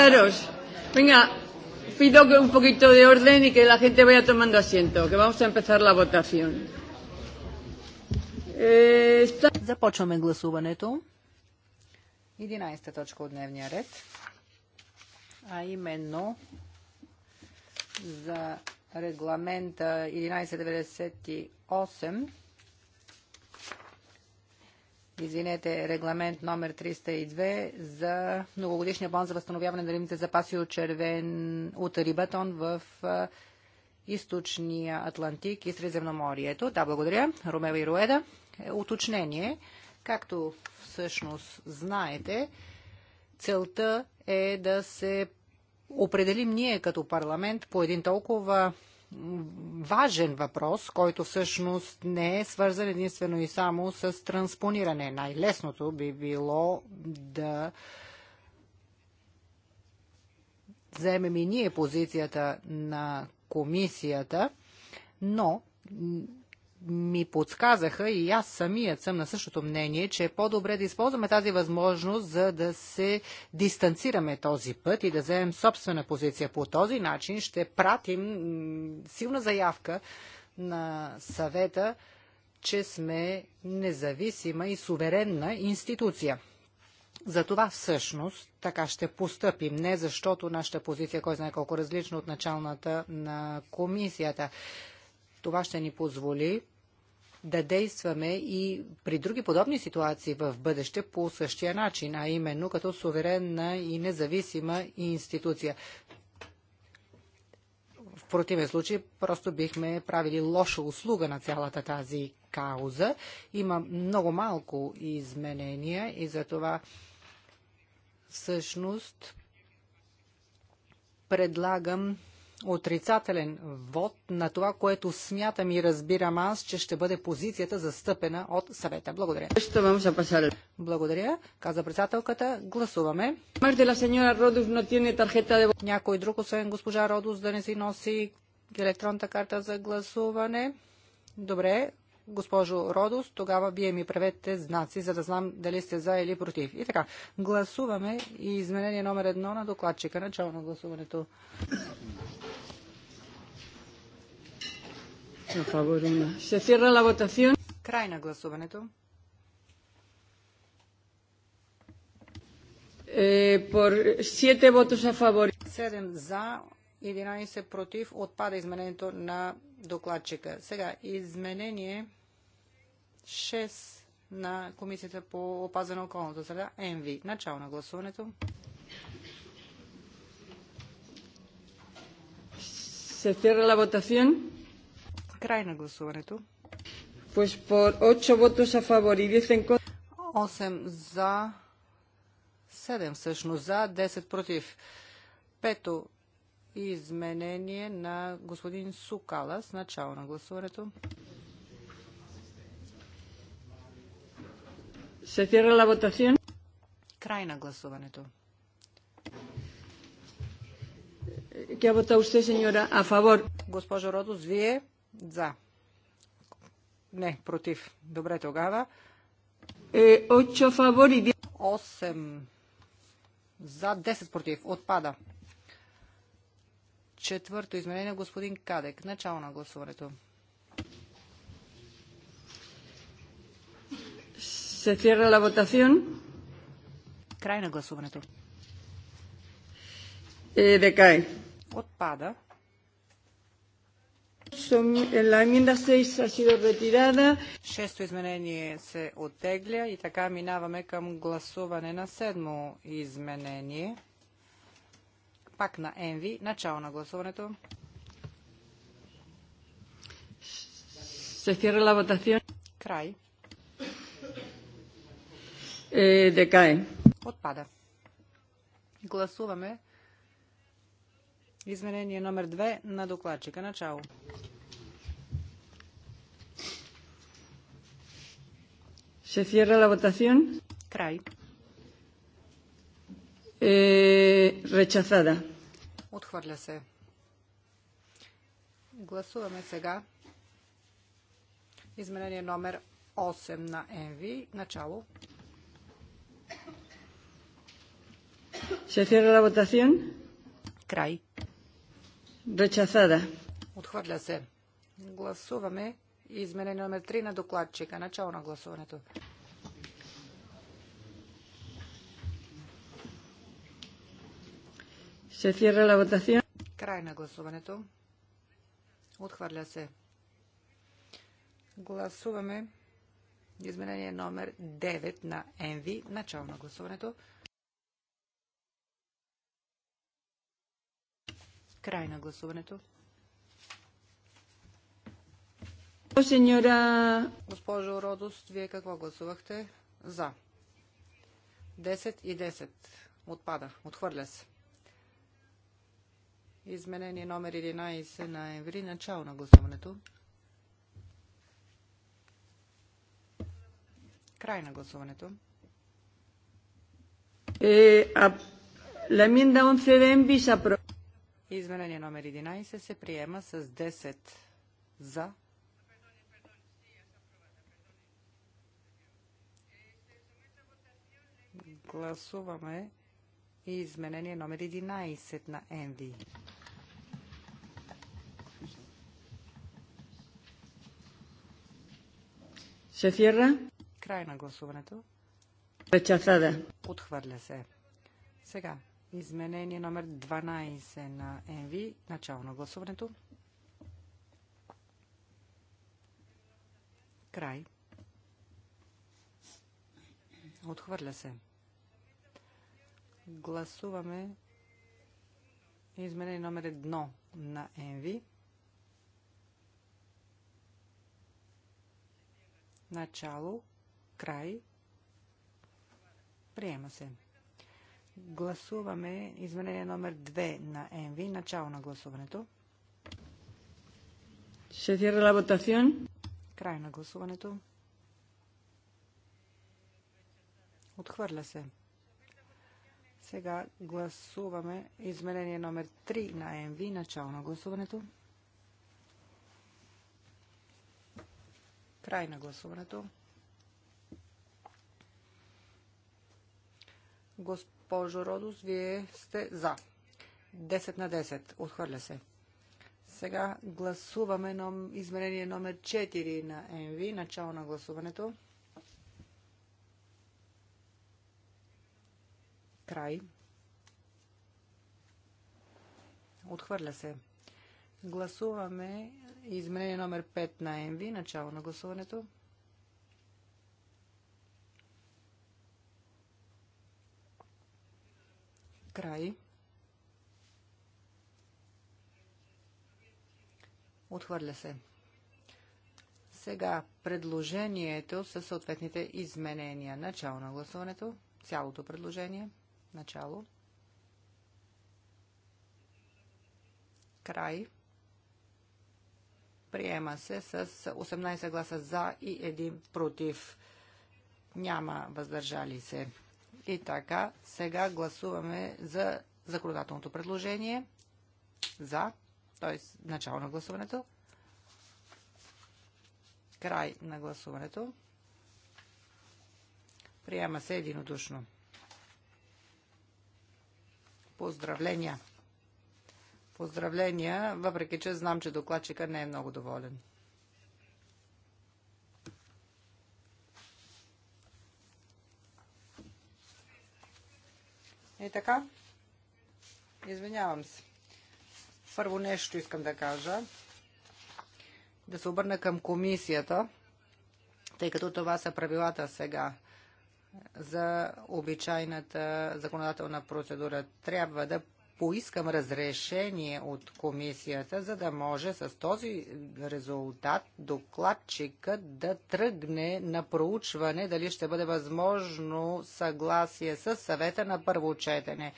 Sentaros. Venga, pido un poquito de orden y que la gente vaya tomando asiento, que vamos a empezar la votación. Започваме гласуването. 11 точка от дневния ред, а именно за регламента 1198 извинете, регламент номер 302 за многогодишния план за възстановяване на рибните запаси от червен от рибатон в източния Атлантик и Средиземноморието. Да, благодаря. Ромева и Руеда. Е, уточнение. Както всъщност знаете, целта е да се определим ние като парламент по един толкова важен въпрос, който всъщност не е свързан единствено и само с транспониране. Най-лесното би било да вземем и ние позицията на комисията, но ми подсказаха и аз самият съм на същото мнение, че е по-добре да използваме тази възможност, за да се дистанцираме този път и да вземем собствена позиция. По този начин ще пратим силна заявка на съвета, че сме независима и суверенна институция. За това всъщност така ще постъпим, не защото нашата позиция, кой знае колко различна от началната на комисията. Това ще ни позволи да действаме и при други подобни ситуации в бъдеще по същия начин, а именно като суверенна и независима институция. В противен случай просто бихме правили лоша услуга на цялата тази кауза. Има много малко изменения и за това всъщност предлагам отрицателен вод на това, което смятам и разбирам аз, че ще бъде позицията застъпена от съвета. Благодаря. Благодаря, каза председателката. Гласуваме. Някой друг, освен госпожа Родос, да не си носи електронната карта за гласуване. Добре, госпожо Родос, тогава вие ми правете знаци, за да знам дали сте за или против. И така, гласуваме и изменение номер едно на докладчика. Начало на гласуването. Се Край на гласуването. Eh, por 7 votos a favor. 7 за, 11 против. Отпада изменението на докладчика. Сега, изменение 6 на Комисията по опазване на околната среда, МВ. Начало на гласуването. Се цierra la votación. Край на гласуването. 8 за, 7 всъщност за, 10 против. Пето изменение на господин Сукала с начало на гласуването. Се cierra la votación. Край на гласуването. ¿Qué ha votado usted, señora? A favor. Госпожо Родос, вие за. Не, против. Добре тогава. 8 е, фавори. 8 за, 10 против. Отпада. Четвърто изменение, господин Кадек. Начало на гласуването. Се cierra la votación. Край на гласуването. Е, декай. Отпада son, eh, la enmienda 6 ha sido retirada. Шесто изменение се оттегля и така минаваме към гласуване на седмо изменение. Пак на ЕНВИ. Начало на гласуването. Се cierra ла votación. Край. Е, декае. Отпада. Гласуваме Изменение номер 2 на докладчика. Начало. Se cierra la votación. Край. Е, eh, рechazada. Отхвърля се. Гласуваме сега изменение номер 8 на ЕНВИ. Начало. Се cierra la votación. Край. Rechazada. Отхвърля се. Гласуваме Изменение номер 3 на докладчика. Начало на гласуването. Се cierra la votación. Край на гласуването. Отхвърля се. Гласуваме изменение номер 9 на НВ. Начало на гласуването. Край на гласуването. Сеньора... Госпожо Родост, вие какво гласувахте? За. 10 и 10. Отпада. Отхвърля се. Изменение номер 11 на Еври. Начало на гласуването. Край на гласуването. Е, а... Ламинда 11 de Изменение номер 11 се приема с 10 за, гласуваме и изменение номер 11 на Енви. Се Край на гласуването. Речатада. Отхвърля се. Сега, изменение номер 12 на ЕНВИ. Начало на гласуването. Край. Отхвърля се. Гласуваме изменение номер едно на ЕНВИ. Начало, край, приема се. Гласуваме изменение номер 2 на ЕНВИ. Начало на гласуването. Се cierra la votación. Край на гласуването. Отхвърля се. Сега гласуваме изменение номер 3 на МВ. Начало на гласуването. Край на гласуването. Госпожо Родос, вие сте за. 10 на 10. Отхвърля се. Сега гласуваме изменение номер 4 на МВ. Начало на гласуването. Край. Отхвърля се. Гласуваме изменение номер 5 на МВ. Начало на гласуването. Край. Отхвърля се. Сега предложението със съответните изменения. Начало на гласуването. Цялото предложение. Начало. Край. Приема се с 18 гласа за и 1 против. Няма въздържали се. И така, сега гласуваме за законодателното предложение. За, т.е. начало на гласуването. Край на гласуването. Приема се единодушно. Поздравления! Поздравления, въпреки че знам, че докладчика не е много доволен. И така, извинявам се. Първо нещо искам да кажа. Да се обърна към комисията, тъй като това са правилата сега за обичайната законодателна процедура. Трябва да поискам разрешение от комисията, за да може с този резултат докладчика да тръгне на проучване дали ще бъде възможно съгласие с съвета на първо четене.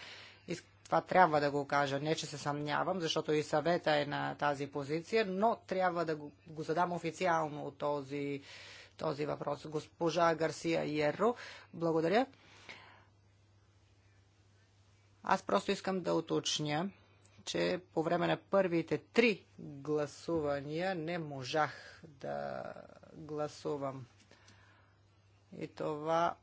И това трябва да го кажа. Не, че се съмнявам, защото и съвета е на тази позиция, но трябва да го, го задам официално от този този въпрос. Госпожа Гарсия Йерро, благодаря. Аз просто искам да уточня, че по време на първите три гласувания не можах да гласувам. И това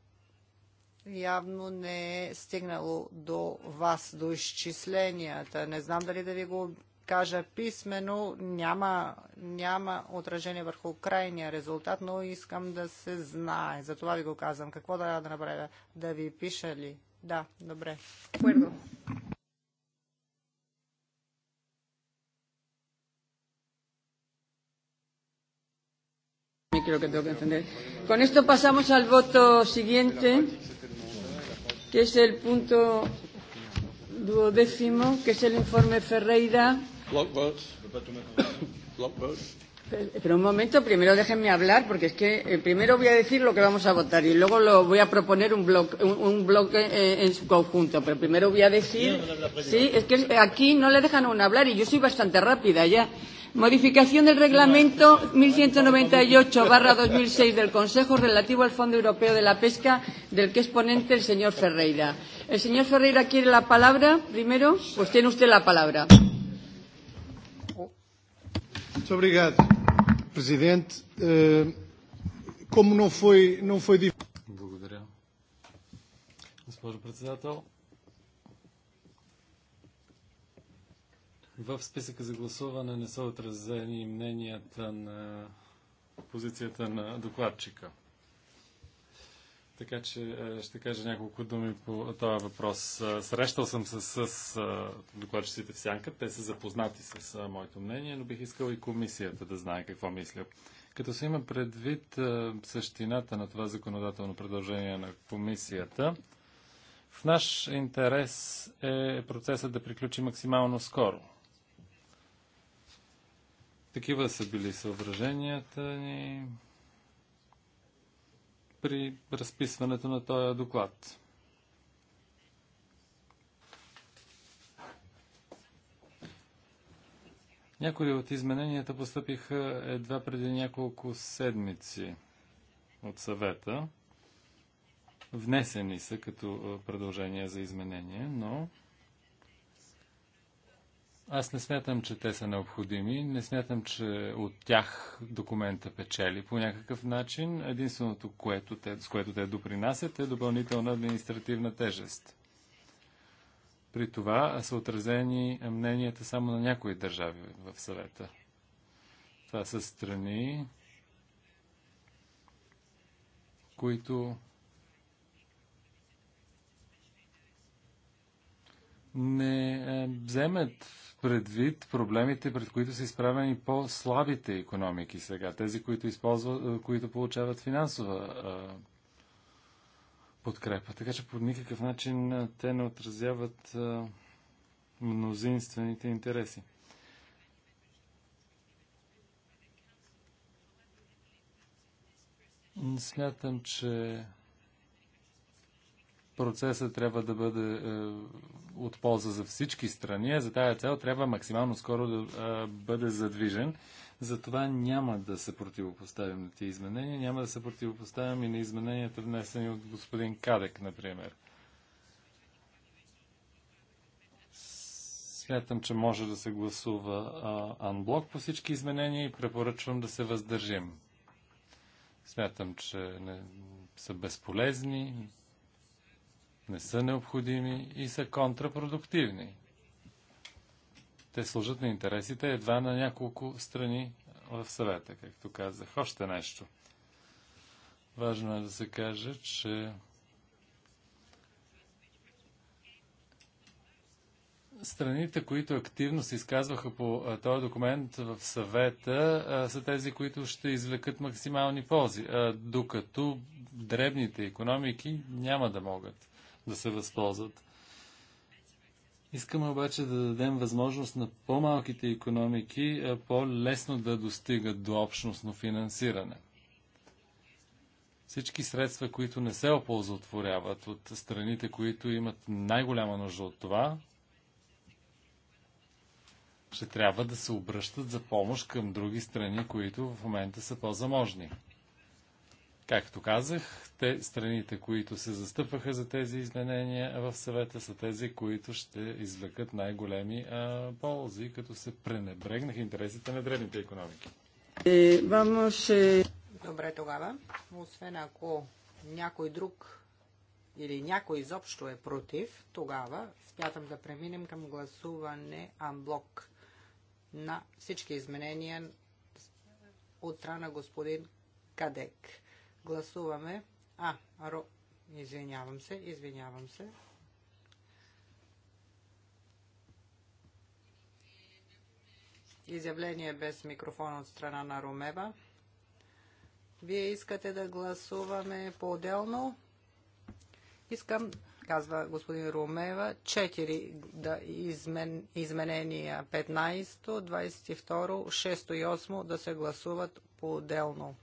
явно не е стигнало до вас, до изчисленията. Не знам дали да ви го кажа писменно, Няма, няма отражение върху крайния резултат, но искам да се знае. За това ви го казвам. Какво да, да направя? Да ви пиша ли? Да, добре. Първо. creo que tengo que entender. Con esto pasamos al voto siguiente, que es el punto duodécimo, que es el informe Ferreira Block votes. Block votes. Pero un momento, primero déjenme hablar, porque es que eh, primero voy a decir lo que vamos a votar y luego lo voy a proponer un bloque, un, un bloque eh, en su conjunto. Pero primero voy a decir. Sí, es que aquí no le dejan aún hablar y yo soy bastante rápida ya. Modificación del reglamento 1198-2006 del Consejo relativo al Fondo Europeo de la Pesca, del que es ponente el señor Ferreira. ¿El señor Ferreira quiere la palabra primero? Pues tiene usted la palabra. Muito obrigado, Presidente. Eh, como não foi, não foi Благодаря. Госпожо председател, в списъка за гласуване не са отразени мненията на позицията на докладчика. Така че е, ще кажа няколко думи по този въпрос. Е, срещал съм се с, с е, докладчиците в Сянка. Те са запознати с моето мнение, но бих искал и комисията да знае какво мисля. Като се има предвид същината на това законодателно предложение на комисията, в наш интерес е процесът да приключи максимално скоро. Такива са били съображенията ни при разписването на този доклад. Някои от измененията постъпиха едва преди няколко седмици от съвета. Внесени са като предложения за изменение, но аз не смятам, че те са необходими. Не смятам, че от тях документа печели по някакъв начин. Единственото, което те, с което те допринасят, е допълнителна административна тежест. При това са отразени мненията само на някои държави в съвета. Това са страни, които не е, вземат предвид проблемите, пред които са изправени по-слабите економики сега, тези, които, използват, е, които получават финансова а, е, подкрепа. Така че по никакъв начин те не отразяват а, мнозинствените интереси. Смятам, че процесът трябва да бъде е, от полза за всички страни. За тази цел трябва максимално скоро да е, бъде задвижен. Затова няма да се противопоставим на тези изменения. Няма да се противопоставим и на измененията, внесени от господин Кадек, например. Смятам, че може да се гласува анблок по всички изменения и препоръчвам да се въздържим. Смятам, че не са безполезни не са необходими и са контрапродуктивни. Те служат на интересите едва на няколко страни в съвета, както казах. Още нещо. Важно е да се каже, че страните, които активно се изказваха по този документ в съвета, са тези, които ще извлекат максимални ползи, докато дребните економики няма да могат да се възползват. Искаме обаче да дадем възможност на по-малките економики по-лесно да достигат до общностно финансиране. Всички средства, които не се оползотворяват от страните, които имат най-голяма нужда от това, ще трябва да се обръщат за помощ към други страни, които в момента са по-заможни. Както казах, те, страните, които се застъпваха за тези изменения в съвета, са тези, които ще извлекат най-големи ползи, като се пренебрегнах интересите на древните економики. Е, Добре тогава, освен ако някой друг или някой изобщо е против, тогава смятам да преминем към гласуване Анблок на всички изменения от страна господин Кадек. Гласуваме. А, ро... Извинявам се, извинявам се. Изявление без микрофон от страна на Ромева. Вие искате да гласуваме по-отделно? Искам, казва господин Ромева, 4 да измен, изменения 15, 22, 6 и 8 да се гласуват по-отделно.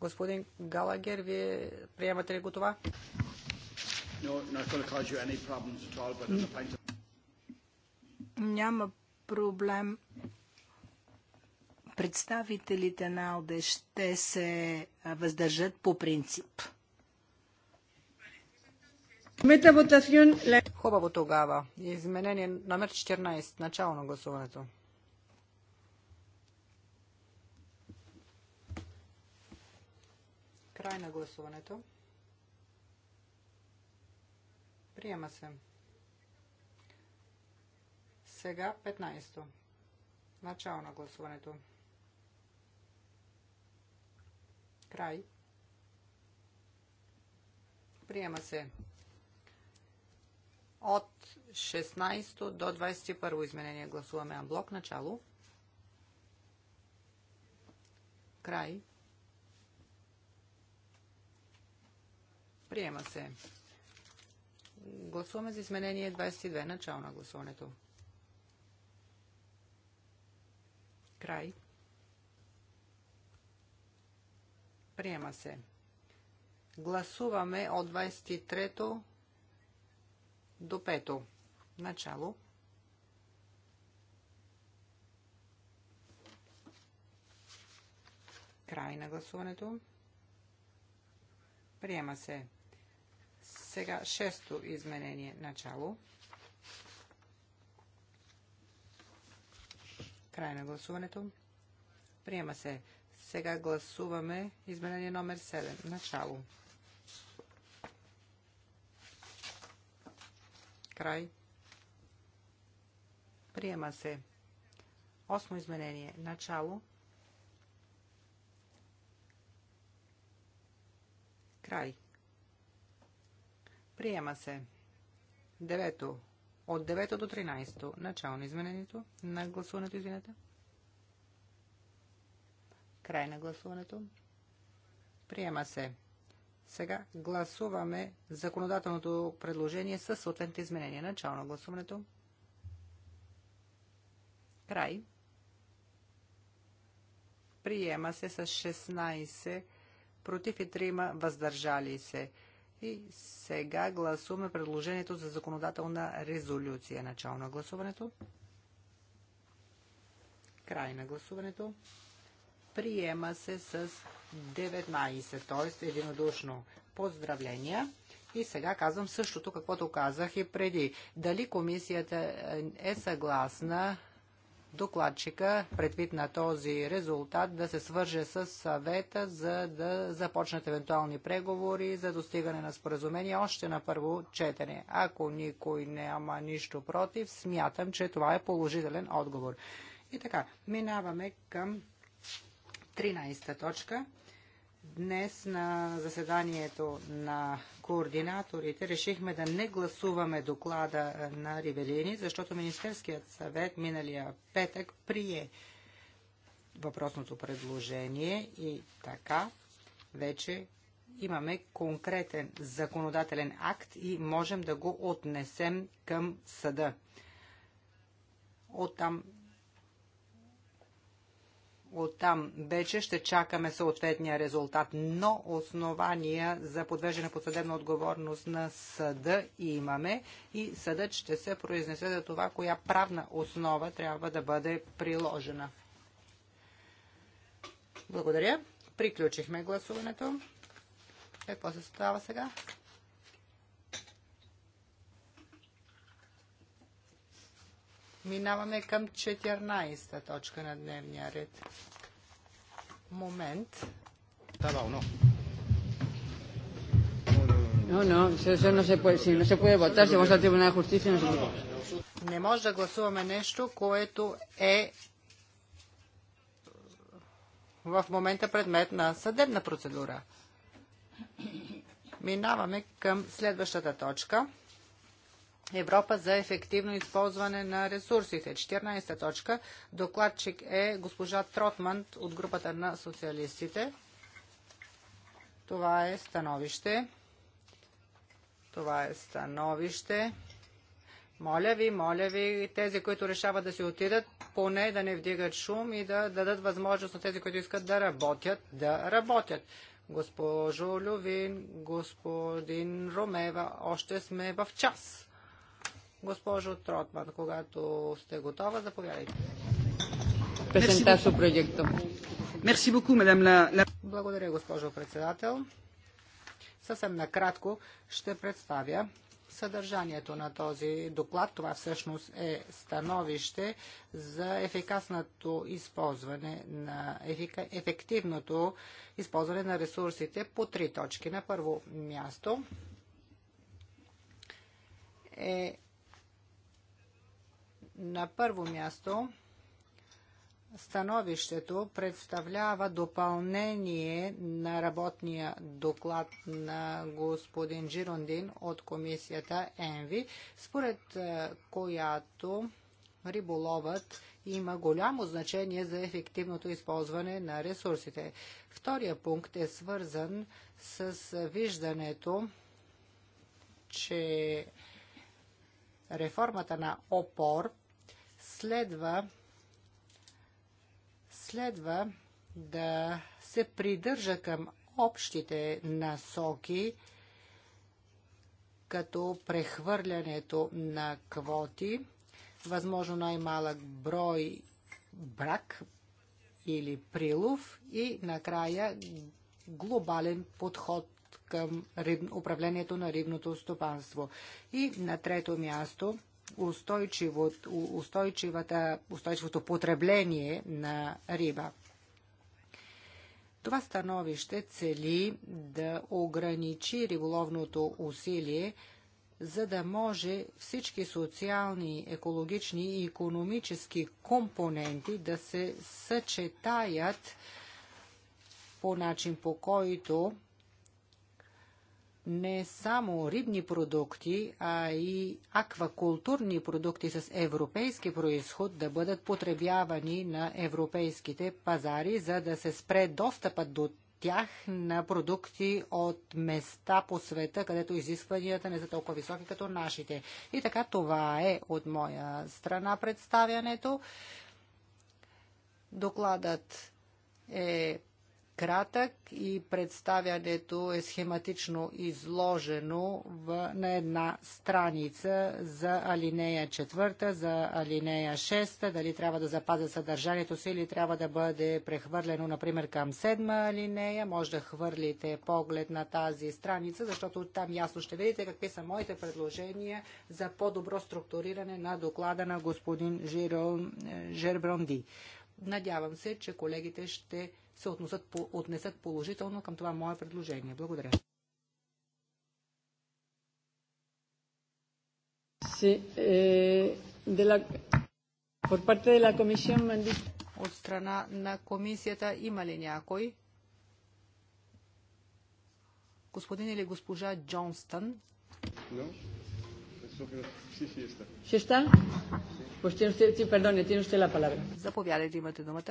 Господин Галагер, вие приемате ли го това? Няма проблем. Представителите на АЛДЕ ще се въздържат по принцип. Хубаво тогава. Изменение номер 14. Начало на гласуването. Край на гласуването. Приема се. Сега 15-то. Начало на гласуването. Край. Приема се. От 16 то до 21 изменение гласуваме блок Начало. Край. Приема се. Гласуваме за изменение 22. Начало на гласуването. Край. Приема се. Гласуваме от 23 до 5. Начало. Край на гласуването. Приема се. Сега шесто изменение начало. Край на гласуването. Приема се. Сега гласуваме изменение номер 7. Начало. Край. Приема се. Осмо изменение. Начало. Край. Приема се. Девето. От 9 до 13. Начало на изменението. На гласуването, извинете. Край на гласуването. Приема се. Сега гласуваме законодателното предложение с съответните изменения. Начало на гласуването. Край. Приема се с 16 против и 3 въздържали се. И сега гласуваме предложението за законодателна резолюция. Начало на гласуването. Край на гласуването. Приема се с 19, т.е. единодушно. Поздравления! И сега казвам същото, каквото казах и преди. Дали комисията е съгласна докладчика, предвид на този резултат, да се свърже с съвета, за да започнат евентуални преговори за достигане на споразумение още на първо четене. Ако никой няма нищо против, смятам, че това е положителен отговор. И така, минаваме към 13 точка – Днес на заседанието на координаторите решихме да не гласуваме доклада е, на Ривелини, защото Министерският съвет миналия петък прие въпросното предложение и така вече имаме конкретен законодателен акт и можем да го отнесем към съда. Оттам оттам вече ще чакаме съответния резултат. Но основания за подвеждане под съдебна отговорност на съда имаме и съдът ще се произнесе за това, коя правна основа трябва да бъде приложена. Благодаря. Приключихме гласуването. Е, какво се става сега? Минаваме към 14-та точка на дневния ред. Момент. Става оно. No, no, eso no se puede, si no se puede votar, si vamos al Tribunal de Justicia, no se puede. Не може да гласуваме нещо, което е в момента предмет на съдебна процедура. Минаваме към следващата точка. Европа за ефективно използване на ресурсите. 14 точка. Докладчик е госпожа Тротман от групата на социалистите. Това е становище. Това е становище. Моля ви, моля ви, тези, които решават да си отидат, поне да не вдигат шум и да дадат възможност на тези, които искат да работят, да работят. Госпожо Лювин, господин Ромева, още сме в час. Госпожо Тротман, когато сте готова, заповядайте. Благодаря, госпожо председател. Съвсем накратко ще представя съдържанието на този доклад. Това всъщност е становище за ефикасното използване на ефективното използване на ресурсите по три точки. На първо място е на първо място, становището представлява допълнение на работния доклад на господин Жирондин от комисията ЕНВИ, според е, която риболовът има голямо значение за ефективното използване на ресурсите. Втория пункт е свързан с виждането, че реформата на ОПОР следва, следва да се придържа към общите насоки, като прехвърлянето на квоти, възможно най-малък брой брак или прилов и накрая глобален подход към управлението на рибното стопанство. И на трето място устойчивото потребление на риба. Това становище цели да ограничи риболовното усилие, за да може всички социални, екологични и економически компоненти да се съчетаят по начин по който не само рибни продукти, а и аквакултурни продукти с европейски происход да бъдат потребявани на европейските пазари, за да се спре достъпът до тях на продукти от места по света, където изискванията не са толкова високи като нашите. И така това е от моя страна представянето. Докладът е кратък и представянето е схематично изложено в, на една страница за алинея 4, за алинея 6, дали трябва да запазя съдържанието си или трябва да бъде прехвърлено, например, към 7 алинея. Може да хвърлите поглед на тази страница, защото там ясно ще видите какви са моите предложения за по-добро структуриране на доклада на господин Жирон, Жербронди. Надявам се, че колегите ще се отнесат, отнесат положително към това мое предложение. Благодаря. Sí, eh, de la, por parte de la comisión me han dicho... От страна на комисията има ли някой? Господин или госпожа Джонстън? No está? Pues tiene usted, sí, perdone, tiene usted la palabra.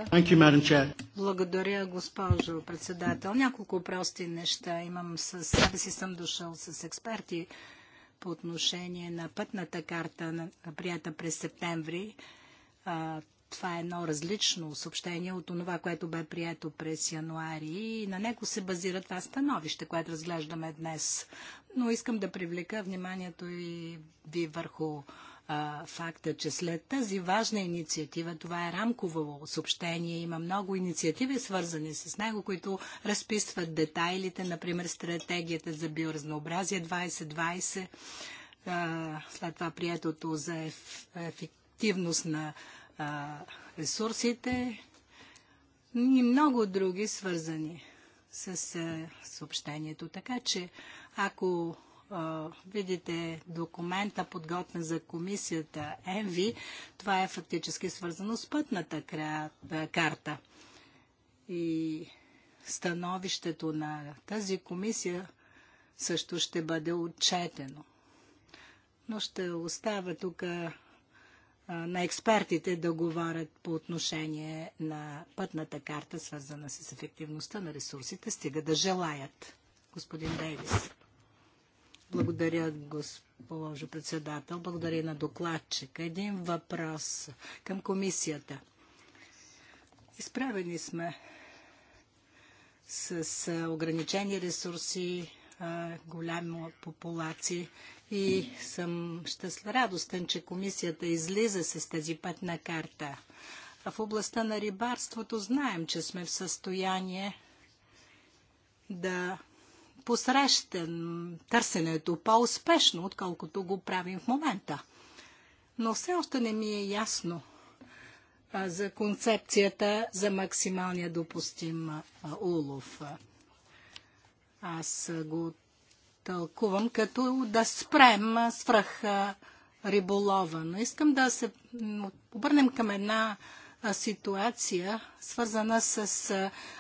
Thank you, Madam Chair. Благодаря, госпожо председател. Няколко прости неща имам с себе си съм дошъл с експерти по отношение на пътната карта, прията през септември това е едно различно съобщение от това, което бе прието през януари и на него се базира това становище, което разглеждаме днес. Но искам да привлека вниманието и ви върху а, факта, че след тази важна инициатива, това е рамково съобщение, има много инициативи свързани с него, които разписват детайлите, например стратегията за биоразнообразие 2020, а, след това приетото за еф, ефективност на ресурсите и много други свързани с съобщението. Така че, ако а, видите документа, подготвен за комисията ЕНВИ, това е фактически свързано с пътната кра... карта. И становището на тази комисия също ще бъде отчетено. Но ще оставя тук на експертите да говорят по отношение на пътната карта, свързана с ефективността на ресурсите, стига да желаят. Господин Дейвис. Благодаря, госпожо председател. Благодаря и на докладчика. Един въпрос към комисията. Изправени сме с ограничени ресурси, голяма популация. И съм щастлив, радостен, че комисията излиза с тази пътна карта. А в областта на рибарството знаем, че сме в състояние да посрещам търсенето по-успешно, отколкото го правим в момента. Но все още не ми е ясно за концепцията за максималния допустим улов. Аз го тълкувам като да спрем свръх риболова. Но искам да се обърнем към една ситуация, свързана с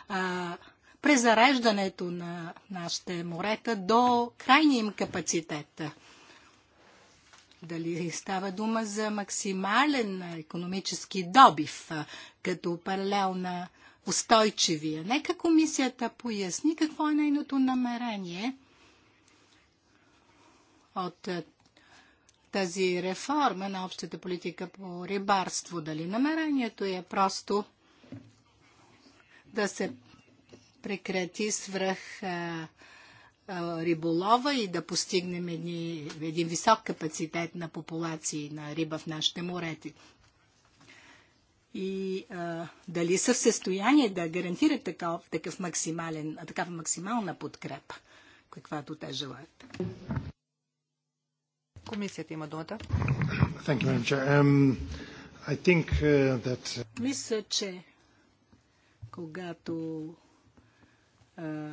а, презареждането на нашите морета до крайния им капацитет. Дали става дума за максимален економически добив като паралелна устойчивия. Нека комисията поясни какво е нейното намерение от е, тази реформа на общата политика по рибарство. Дали намерението е просто да се прекрати свръх е, е, риболова и да постигнем един висок капацитет на популации на риба в нашите морети и а, дали са в състояние да гарантират такъв, такъв максимален, такава максимална подкрепа, каквато те желаят. Комисията има думата. Thank you, um, I think, uh, that... Uh, Мисля, че когато а,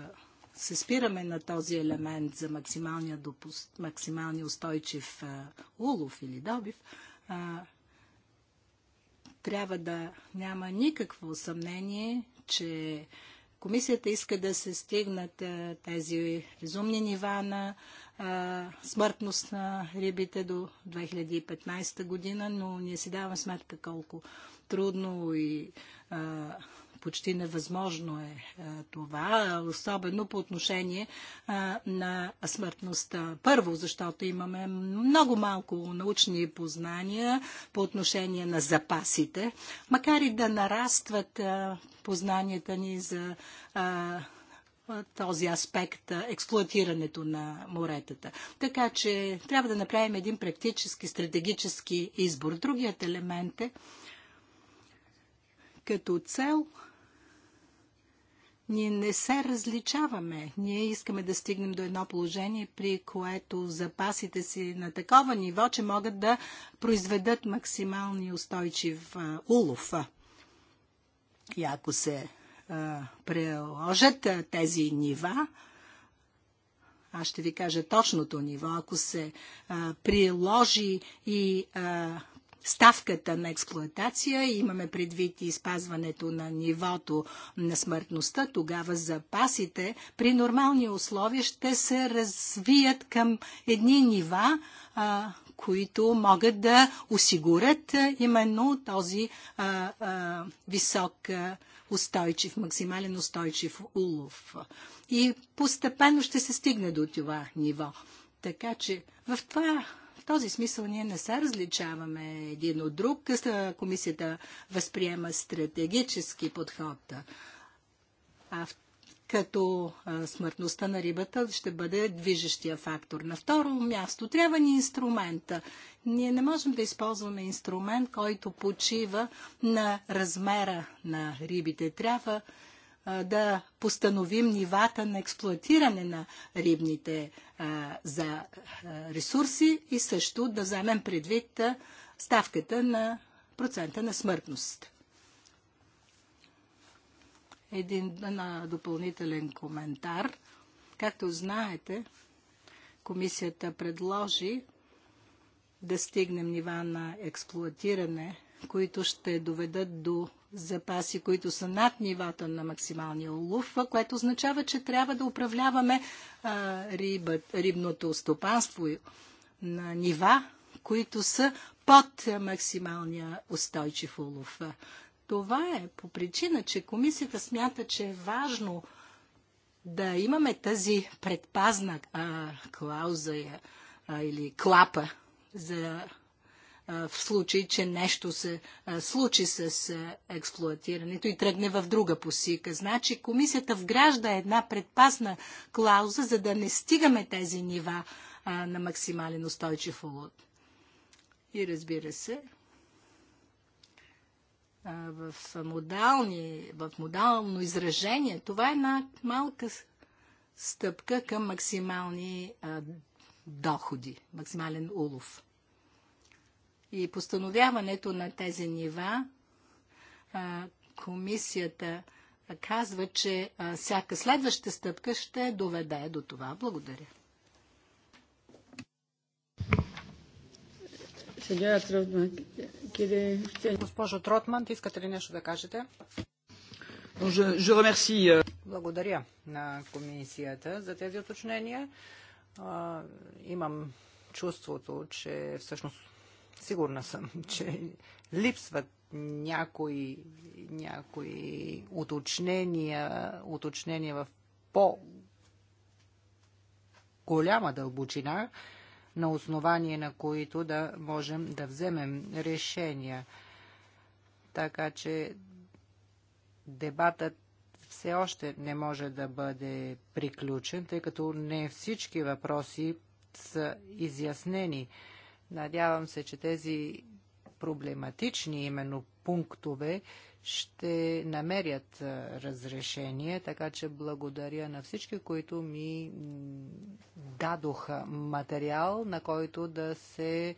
се спираме на този елемент за максималния, допуст, максималния устойчив а, улов или добив, а, трябва да няма никакво съмнение, че комисията иска да се стигнат тези разумни нива на а, смъртност на рибите до 2015 година, но ние си даваме сметка колко трудно и а, почти невъзможно е, е това, особено по отношение е, на смъртността. Първо, защото имаме много малко научни познания по отношение на запасите, макар и да нарастват е, познанията ни за този аспект, експлуатирането на моретата. Така че трябва да направим един практически, стратегически избор. Другият елемент е като цел ние не се различаваме. Ние искаме да стигнем до едно положение, при което запасите си на такова ниво, че могат да произведат максимални устойчив а, улов. И ако се а, приложат а, тези нива, аз ще ви кажа точното ниво, ако се а, приложи и а, ставката на експлоатация, имаме предвид и спазването на нивото на смъртността, тогава запасите при нормални условия ще се развият към едни нива, а, които могат да осигурят именно този а, а, висок а, устойчив, максимален устойчив улов. И постепенно ще се стигне до това ниво. Така че в това в този смисъл ние не се различаваме един от друг. Комисията възприема стратегически подход. А в като а, смъртността на рибата ще бъде движещия фактор. На второ място трябва ни инструмента. Ние не можем да използваме инструмент, който почива на размера на рибите. Трябва да постановим нивата на експлуатиране на рибните за ресурси и също да вземем предвид ставката на процента на смъртност. Един на допълнителен коментар. Както знаете, комисията предложи да стигнем нива на експлуатиране, които ще доведат до запаси, които са над нивата на максималния улов, което означава, че трябва да управляваме а, риба, рибното стопанство на нива, които са под максималния устойчив улов. Това е по причина, че комисията смята, че е важно да имаме тази предпазна а, клауза а, или клапа за в случай, че нещо се случи с експлуатирането и тръгне в друга посика. Значи комисията вгражда една предпасна клауза, за да не стигаме тези нива на максимален устойчив улот. И разбира се, в, модални, в модално изражение, това е една малка стъпка към максимални доходи, максимален улов и постановяването на тези нива, комисията казва, че всяка следваща стъпка ще доведе до това. Благодаря. Госпожо Тротман, искате ли нещо да кажете? Euh, Благодаря на комисията за тези уточнения. Имам чувството, че всъщност Сигурна съм, че липсват някои, някои уточнения, уточнения в по-голяма дълбочина, на основание на които да можем да вземем решения. Така че дебатът все още не може да бъде приключен, тъй като не всички въпроси са изяснени. Надявам се, че тези проблематични именно пунктове ще намерят разрешение, така че благодаря на всички, които ми дадоха материал, на който да се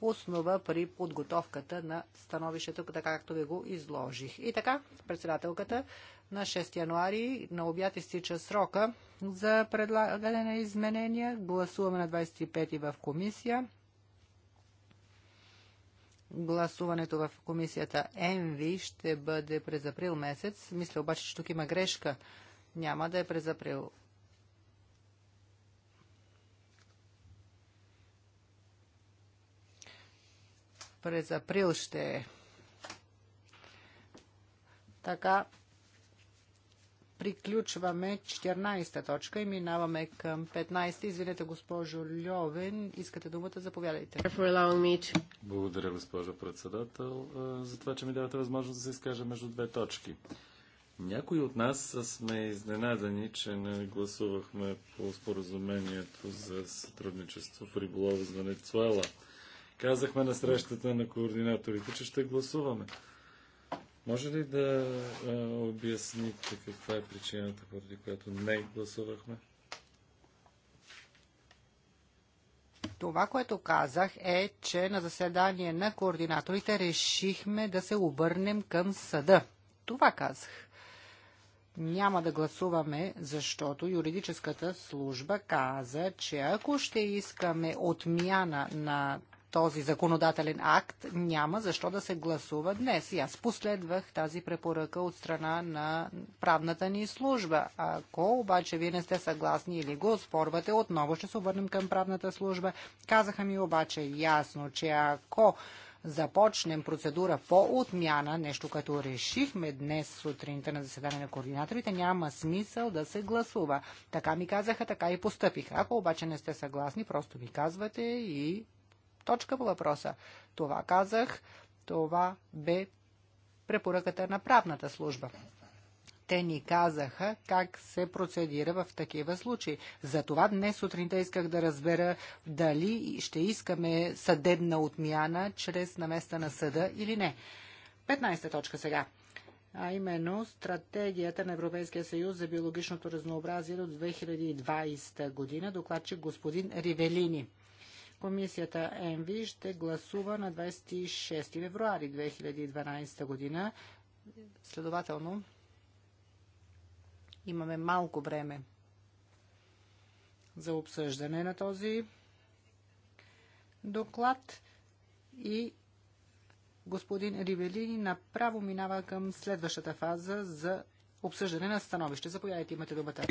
основа при подготовката на становището, така както ви го изложих. И така, председателката на 6 януари на обяд изтича срока за предлагане на изменения. Гласуваме на 25 в комисия Гласуването в комисията ЕНВИ ще бъде през април месец. Мисля обаче, че тук има грешка. Няма да е през април. През април ще е. Така, приключваме 14-та точка и минаваме към 15-та. Извинете, госпожо Льовен, искате думата, заповядайте. Благодаря, госпожо председател, за това, че ми давате възможност да се изкажа между две точки. Някои от нас сме изненадани, че не гласувахме по споразумението за сътрудничество в риболов с Венецуела. Казахме на срещата на координаторите, че ще гласуваме. Може ли да а, обясните каква е причината, поради която не гласувахме? Това, което казах е, че на заседание на координаторите решихме да се обърнем към съда. Това казах. Няма да гласуваме, защото юридическата служба каза, че ако ще искаме отмяна на този законодателен акт няма защо да се гласува днес. И аз последвах тази препоръка от страна на правната ни служба. Ако обаче вие не сте съгласни или го спорвате, отново ще се обърнем към правната служба. Казаха ми обаче ясно, че ако започнем процедура по отмяна, нещо като решихме днес сутринта на заседание на координаторите, няма смисъл да се гласува. Така ми казаха, така и постъпих. Ако обаче не сте съгласни, просто ми казвате и точка по въпроса. Това казах, това бе препоръката на правната служба. Те ни казаха как се процедира в такива случаи. Затова днес сутринта исках да разбера дали ще искаме съдебна отмяна чрез наместа на съда или не. 15 точка сега а именно стратегията на Европейския съюз за биологичното разнообразие до 2020 година, докладчик господин Ривелини. Комисията ЕМВИ ще гласува на 26 февруари 2012 година. Следователно, имаме малко време за обсъждане на този доклад и господин Ривелини направо минава към следващата фаза за обсъждане на становище. Заповядайте, имате думата.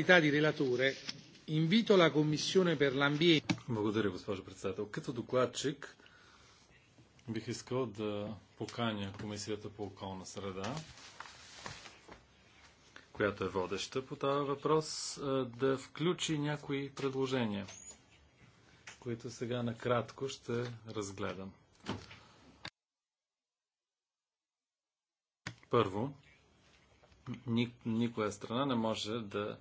Благодаря, госпожо председател. Като докладчик бих искал да поканя Комисията по околна среда, която е водеща по това въпрос, е, да включи някои предложения, които сега накратко ще разгледам. Първо, никоя страна не може да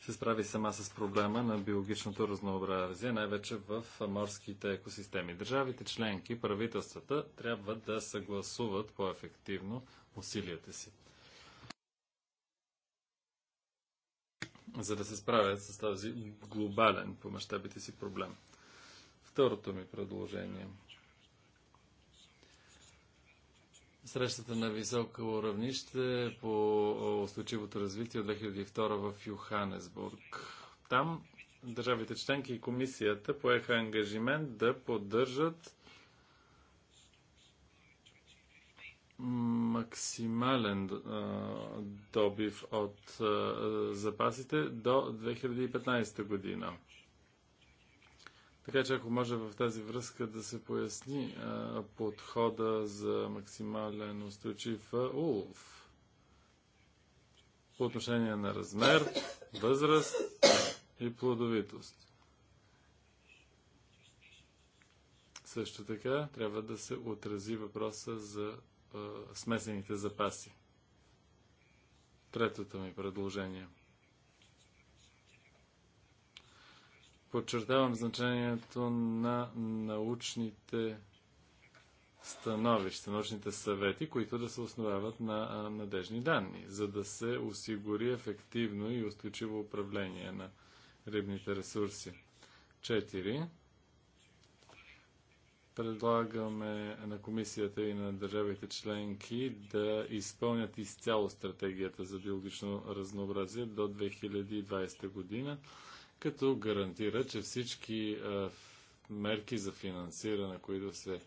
се справи сама с проблема на биологичното разнообразие, най-вече в морските екосистеми. Държавите членки, правителствата трябва да съгласуват по-ефективно усилията си. за да се справят с този глобален по мащабите си проблем. Второто ми предложение – срещата на високо равнище по устойчивото развитие от 2002 в Йоханесбург. Там държавите членки и комисията поеха ангажимент да поддържат максимален добив от запасите до 2015 година. Така че ако може в тази връзка да се поясни а, подхода за максимален устойчив улов по отношение на размер, възраст и плодовитост. Също така трябва да се отрази въпроса за а, смесените запаси. Третото ми предложение – подчертавам значението на научните становища, научните съвети, които да се основават на надежни данни, за да се осигури ефективно и устойчиво управление на рибните ресурси. 4. Предлагаме на комисията и на държавите членки да изпълнят изцяло стратегията за биологично разнообразие до 2020 година като гарантира, че всички мерки за финансиране, които се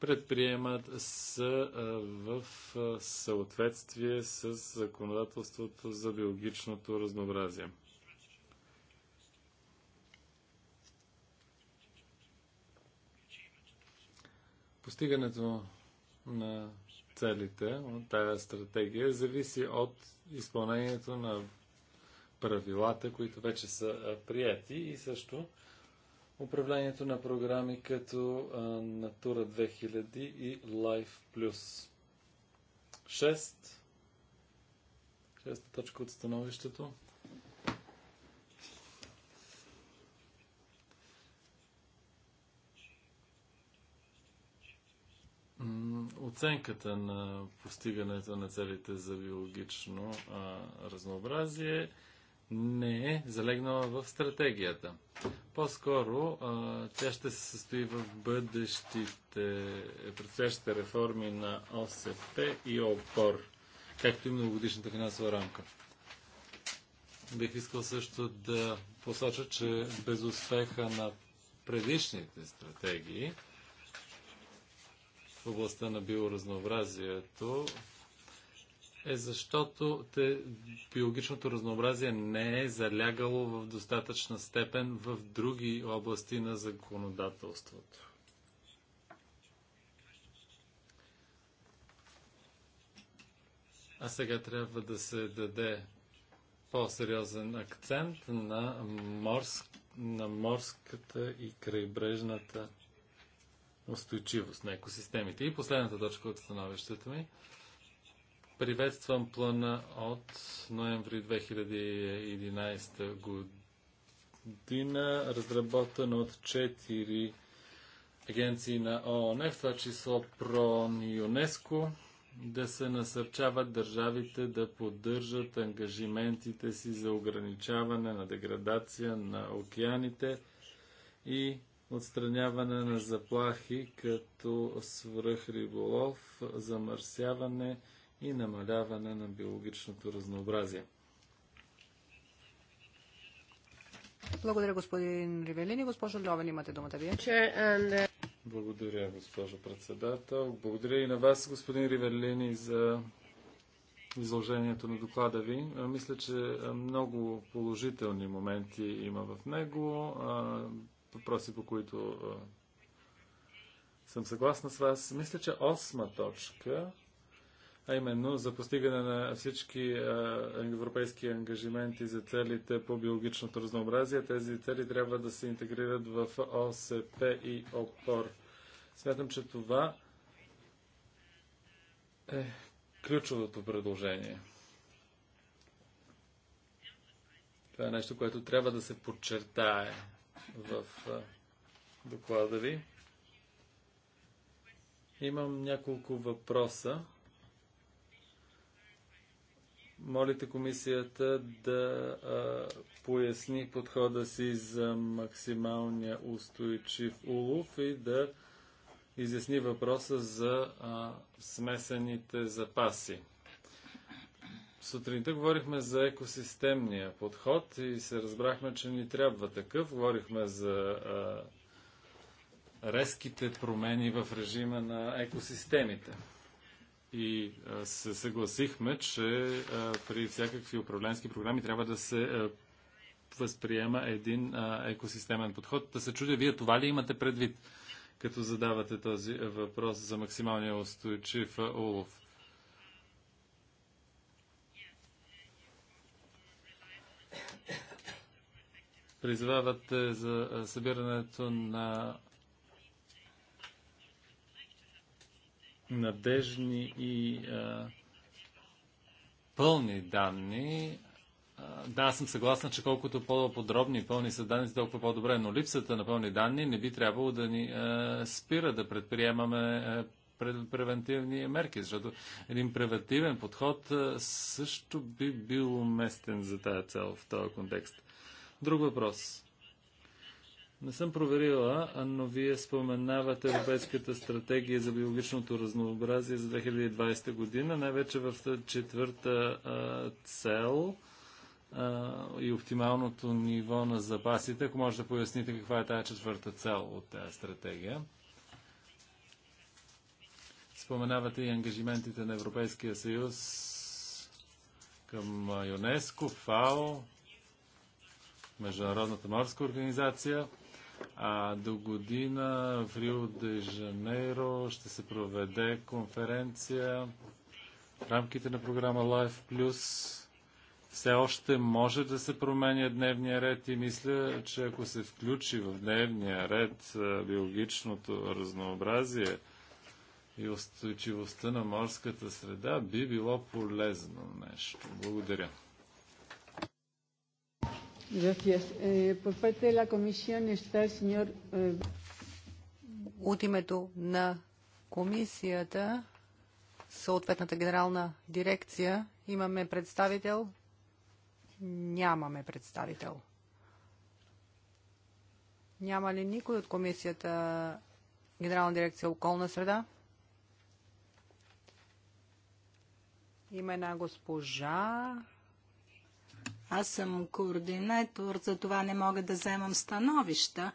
предприемат са в съответствие с законодателството за биологичното разнообразие. Постигането на целите от тази стратегия зависи от изпълнението на правилата, които вече са прияти и също управлението на програми като Natura 2000 и Life Plus. 6. Шеста точка от становището. Оценката на постигането на целите за биологично а, разнообразие не е залегнала в стратегията. По-скоро тя ще се състои в бъдещите предстоящите реформи на ОСП и ОПОР, както и многогодишната финансова рамка. Бих искал също да посоча, че без успеха на предишните стратегии в областта на биоразнообразието е защото те, биологичното разнообразие не е залягало в достатъчна степен в други области на законодателството. А сега трябва да се даде по-сериозен акцент на, морск, на морската и крайбрежната устойчивост на екосистемите. И последната точка от становището ми – Приветствам плана от ноември 2011 година, разработен от 4 агенции на ООН, в това число ПРОН и ЮНЕСКО, да се насърчават държавите да поддържат ангажиментите си за ограничаване на деградация на океаните и отстраняване на заплахи като свръхриболов, замърсяване, и намаляване на биологичното разнообразие. Благодаря, господин Ривелини. Госпожо Льовен, имате думата вие. Uh, Благодаря, госпожо председател. Благодаря и на вас, господин Ривелини, за изложението на доклада ви. Мисля, че много положителни моменти има в него. Въпроси, по които съм съгласна с вас. Мисля, че осма точка а именно за постигане на всички европейски ангажименти за целите по биологичното разнообразие. Тези цели трябва да се интегрират в ОСП и ОПОР. Смятам, че това е ключовото предложение. Това е нещо, което трябва да се подчертае в доклада ви. Имам няколко въпроса Молите комисията да а, поясни подхода си за максималния устойчив улов и да изясни въпроса за а, смесените запаси. Сутринта говорихме за екосистемния подход и се разбрахме, че ни трябва такъв. Говорихме за а, резките промени в режима на екосистемите и се съгласихме, че при всякакви управленски програми трябва да се възприема един екосистемен подход. Да се чудя, вие това ли имате предвид, като задавате този въпрос за максималния устойчив улов? Призвавате за събирането на надежни и а, пълни данни. А, да, аз съм съгласна, че колкото по-подробни и пълни са данни, толкова по-добре, но липсата на пълни данни не би трябвало да ни а, спира да предприемаме превентивни мерки, защото един превентивен подход също би бил уместен за тази цел в този контекст. Друг въпрос. Не съм проверила, но вие споменавате Европейската стратегия за биологичното разнообразие за 2020 година, най-вече в четвърта а, цел а, и оптималното ниво на запасите. Ако може да поясните каква е тази четвърта цел от тази стратегия. Споменавате и ангажиментите на Европейския съюз към ЮНЕСКО, ФАО, Международната морска организация. А до година в Рио де Жанейро ще се проведе конференция в рамките на програма Life Plus. Все още може да се променя дневния ред и мисля, че ако се включи в дневния ред биологичното разнообразие и устойчивостта на морската среда, би било полезно нещо. Благодаря. Gracias. Eh, por parte de la comisión está el señor... Eh... От името на комисията, съответната генерална дирекция, имаме представител? Нямаме представител. Няма ли никой от комисията Генерална дирекция околна среда? Има една госпожа, аз съм координатор, за това не мога да вземам становища,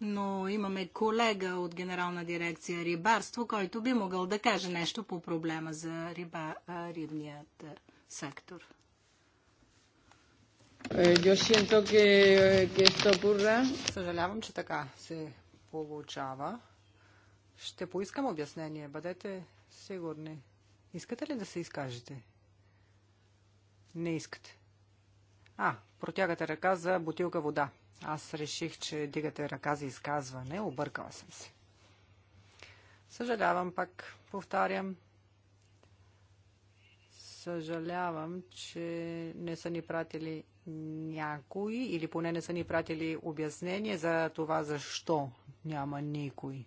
но имаме колега от Генерална дирекция Рибарство, който би могъл да каже нещо по проблема за риба, рибният сектор. Е, е, Съжалявам, че така се получава. Ще поискам обяснение. Бъдете сигурни. Искате ли да се изкажете? Не искате. А, протягате ръка за бутилка вода. Аз реших, че дигате ръка за изказване. Объркала съм се. Съжалявам пак, повтарям. Съжалявам, че не са ни пратили някои или поне не са ни пратили обяснение за това защо няма никой.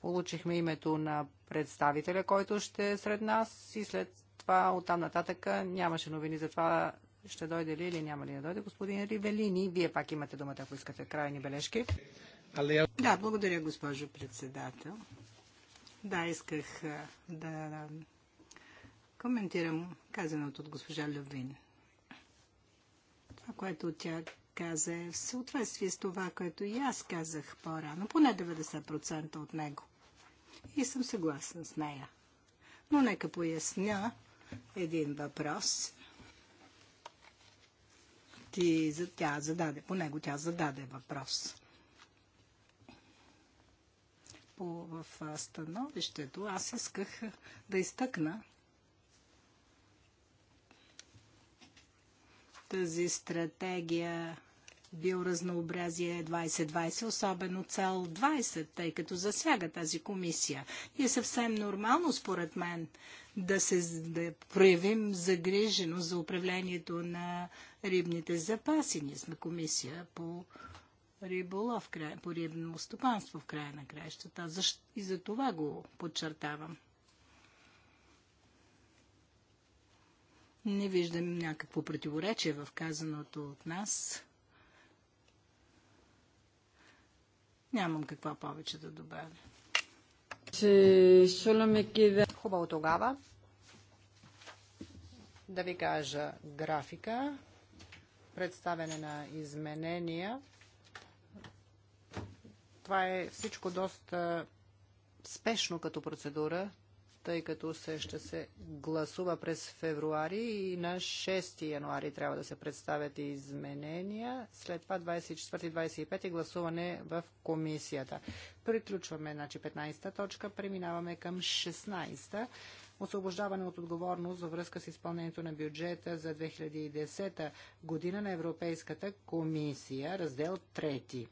Получихме името на представителя, който ще е сред нас и след това оттам нататък нямаше новини за това ще дойде ли или няма ли да дойде господин Ривелини. Вие пак имате думата, ако искате крайни бележки. Да, благодаря, госпожо председател. Да, исках да коментирам казаното от госпожа Лювин. Това, което тя каза е в съответствие с това, което и аз казах по-рано, поне 90% от него. И съм съгласен с нея. Но нека поясня един въпрос. Ти, тя зададе, по него тя зададе въпрос. По, в становището аз исках да изтъкна тази стратегия биоразнообразие 2020, особено цел 20, тъй като засяга тази комисия. И е съвсем нормално, според мен, да се да проявим загриженост за управлението на рибните запаси. Ние сме комисия по риболов, по рибно стопанство в края на краищата. И за това го подчертавам. Не виждам някакво противоречие в казаното от нас. Нямам какво повече да добавя. Хубаво тогава да ви кажа графика, представяне на изменения. Това е всичко доста спешно като процедура, тъй като се ще се гласува през февруари и на 6 януари трябва да се представят изменения. След това 24-25 гласуване в комисията. Приключваме значи, 15-та точка, преминаваме към 16-та. Освобождаване от отговорност във връзка с изпълнението на бюджета за 2010 година на Европейската комисия, раздел 3.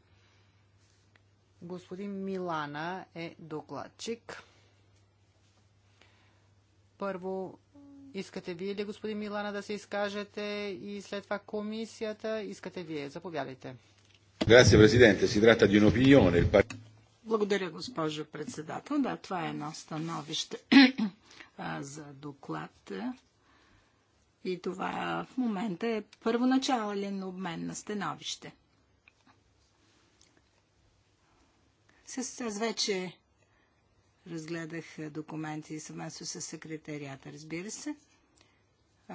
Господин Милана е докладчик. Първо, искате вие ли, господин Милана, да се изкажете и след това комисията? Искате вие. Заповядайте. Благодаря, госпожо председател. Да, това е едно становище за доклад. И това в момента е първоначален обмен на становище. С, с вече разгледах е, документи съвместно с секретарията, разбира се.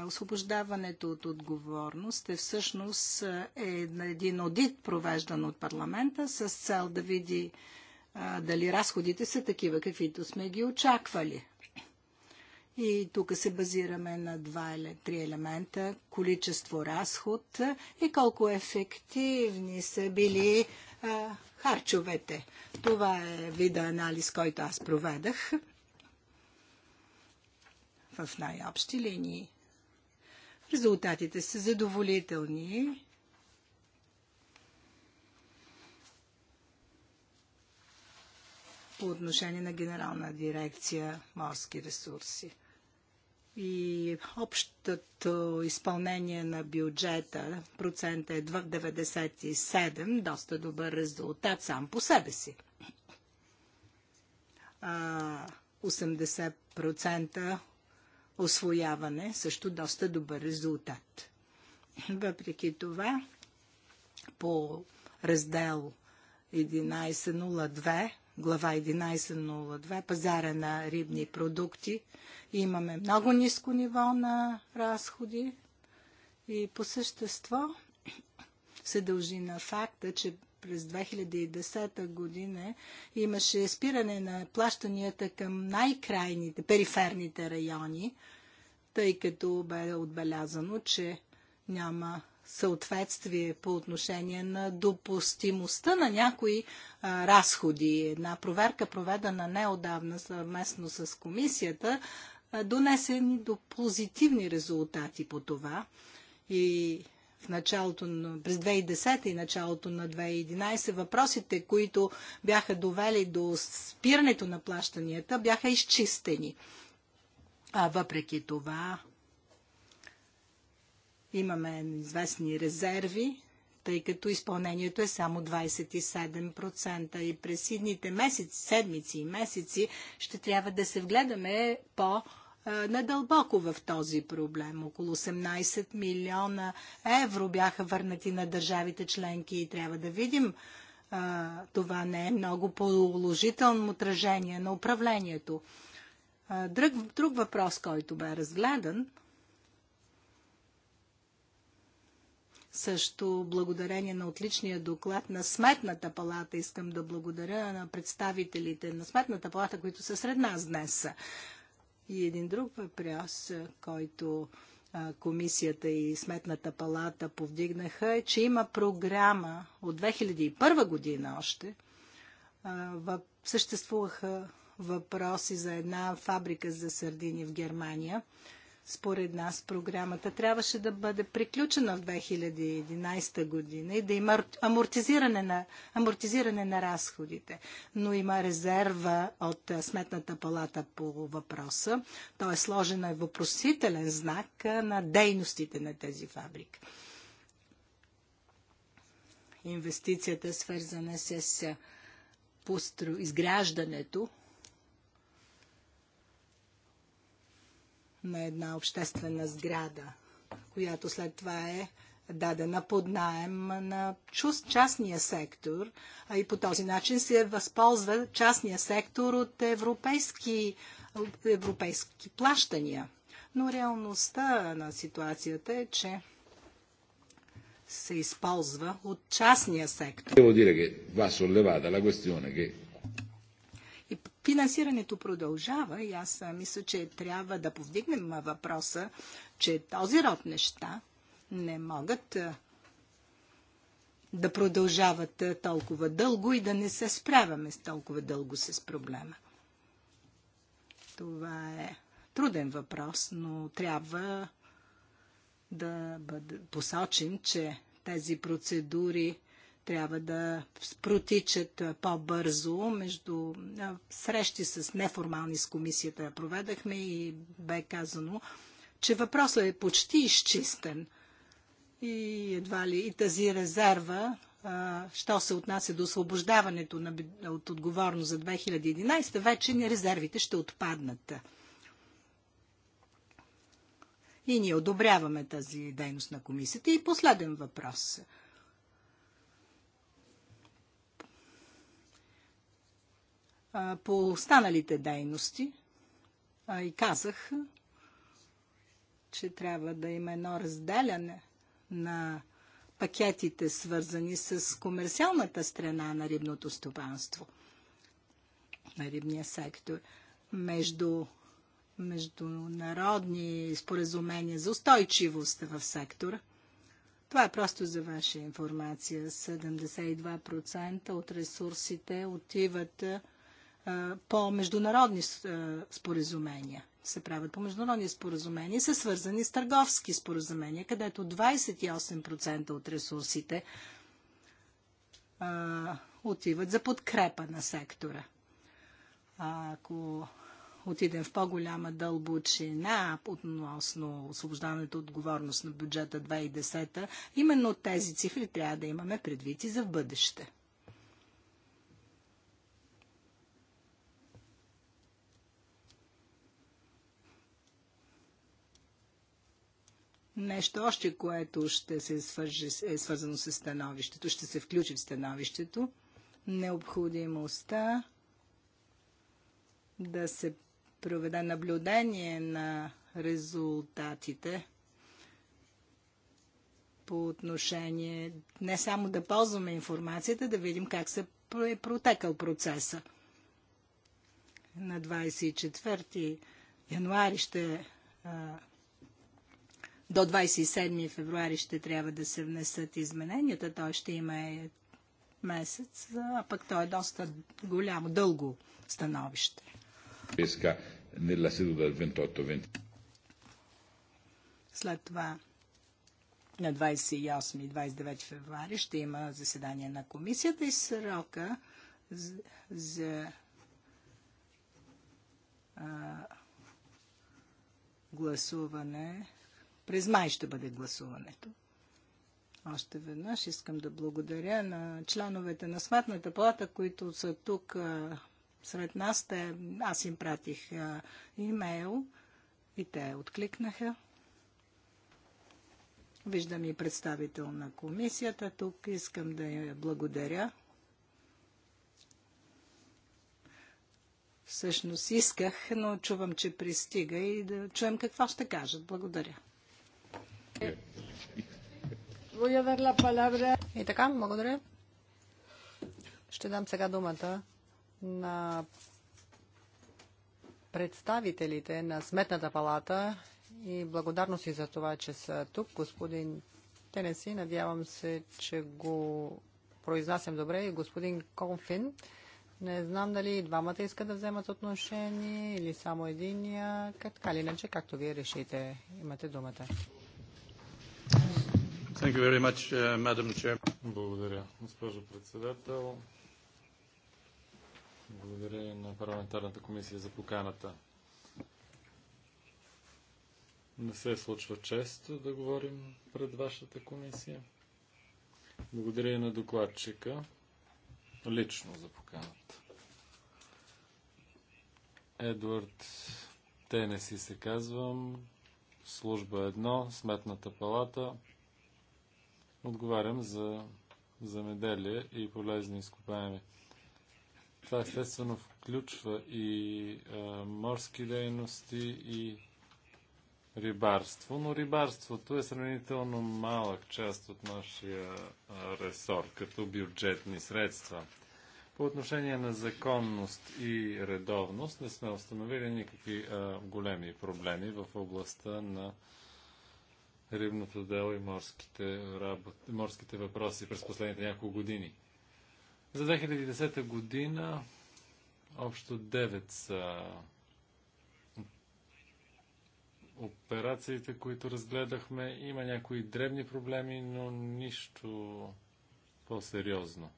Освобождаването от отговорност е всъщност е, е един одит, провеждан от парламента, с цел да види а, дали разходите са такива, каквито сме ги очаквали. И тук се базираме на два или три елемента – количество разход е, и колко ефективни са били харчовете. Това е вида анализ, който аз проведах в най-общи линии. Резултатите са задоволителни. по отношение на Генерална дирекция морски ресурси и общото изпълнение на бюджета процента е 97, доста добър резултат сам по себе си. 80% освояване, също доста добър резултат. Въпреки това, по раздел 1102 глава 11.02 пазара на рибни продукти. Имаме много ниско ниво на разходи и по същество се дължи на факта, че през 2010 година имаше спиране на плащанията към най-крайните, периферните райони, тъй като бе отбелязано, че няма съответствие по отношение на допустимостта на някои а, разходи. Една проверка, проведена неодавна съвместно с комисията, а, донесе ни до позитивни резултати по това. И в началото на, през 2010 и началото на 2011 въпросите, които бяха довели до спирането на плащанията, бяха изчистени. А въпреки това, Имаме известни резерви, тъй като изпълнението е само 27% и през идните месец, седмици и месеци ще трябва да се вгледаме по надълбоко в този проблем. Около 18 милиона евро бяха върнати на държавите членки и трябва да видим това не е много положително отражение на управлението. друг, друг въпрос, който бе разгледан – Също благодарение на отличния доклад на Сметната палата искам да благодаря на представителите на Сметната палата, които са сред нас днес. И един друг въпрос, който комисията и Сметната палата повдигнаха, е, че има програма от 2001 година още. Съществуваха въпроси за една фабрика за сърдини в Германия – според нас програмата трябваше да бъде приключена в 2011 година и да има амортизиране на, амортизиране на разходите. Но има резерва от Сметната палата по въпроса. Той е сложен е въпросителен знак на дейностите на тези фабрики. Инвестицията, свързана с постро... изграждането на една обществена сграда, която след това е дадена под найем на частния сектор, а и по този начин се възползва частния сектор от европейски, европейски плащания. Но реалността на ситуацията е, че се използва от частния сектор. Devo dire che va sollevata la questione che Финансирането продължава и аз мисля, че трябва да повдигнем въпроса, че този род неща не могат да продължават толкова дълго и да не се справяме с толкова дълго с проблема. Това е труден въпрос, но трябва да посочим, че тези процедури трябва да протичат по-бързо. Между срещи с неформални с комисията проведахме и бе казано, че въпросът е почти изчистен. И едва ли и тази резерва, а, що се отнася до освобождаването на, от отговорност за 2011, вече ни резервите ще отпаднат. И ние одобряваме тази дейност на комисията. И последен въпрос – по останалите дейности. И казах, че трябва да има едно разделяне на пакетите, свързани с комерциалната страна на рибното стопанство, на рибния сектор, между международни споразумения за устойчивост в сектора. Това е просто за ваша информация. 72% от ресурсите отиват по международни споразумения се правят по международни споразумения и са свързани с търговски споразумения, където 28% от ресурсите а, отиват за подкрепа на сектора. А, ако отидем в по-голяма дълбочина относно освобождаването от отговорност на бюджета 2010, именно тези цифри трябва да имаме предвид и за в бъдеще. Нещо още, което ще се свържи, е свързано с становището, ще се включи в становището. Необходимостта да се проведе наблюдение на резултатите по отношение не само да ползваме информацията, да видим как се е протекал процеса. На 24 януари ще а, до 27 февруари ще трябва да се внесат измененията. Той ще има е месец, а пък то е доста голямо, дълго становище. След това на 28 и 29 февруари ще има заседание на комисията и срока за, за а, гласуване през май ще бъде гласуването. Още веднъж искам да благодаря на членовете на Сметната плата, които са тук а, сред нас. Те, аз им пратих а, имейл и те откликнаха. Виждам и представител на комисията тук. Искам да я благодаря. Всъщност исках, но чувам, че пристига и да чуем какво ще кажат. Благодаря. И така, благодаря. Ще дам сега думата на представителите на Сметната палата и благодарност и за това, че са тук. Господин Тенеси, надявам се, че го произнасям добре. И господин Конфин, не знам дали двамата искат да вземат отношение или само единия. Така или иначе, както вие решите, имате думата. Thank you very much, uh, Madam Chair. Благодаря, госпожо председател. Благодаря на парламентарната комисия за поканата. Не се случва често да говорим пред вашата комисия. Благодаря и на докладчика лично за поканата. Едвард Тенеси се казвам, служба 1, Сметната палата, отговарям за замеделие и полезни изкопаеми. Това естествено включва и а, морски дейности и рибарство, но рибарството е сравнително малък част от нашия а, ресор като бюджетни средства. По отношение на законност и редовност не сме установили никакви а, големи проблеми в областта на рибното дело и морските, работ... морските въпроси през последните няколко години. За 2010 година общо 9 са операциите, които разгледахме. Има някои дребни проблеми, но нищо по-сериозно.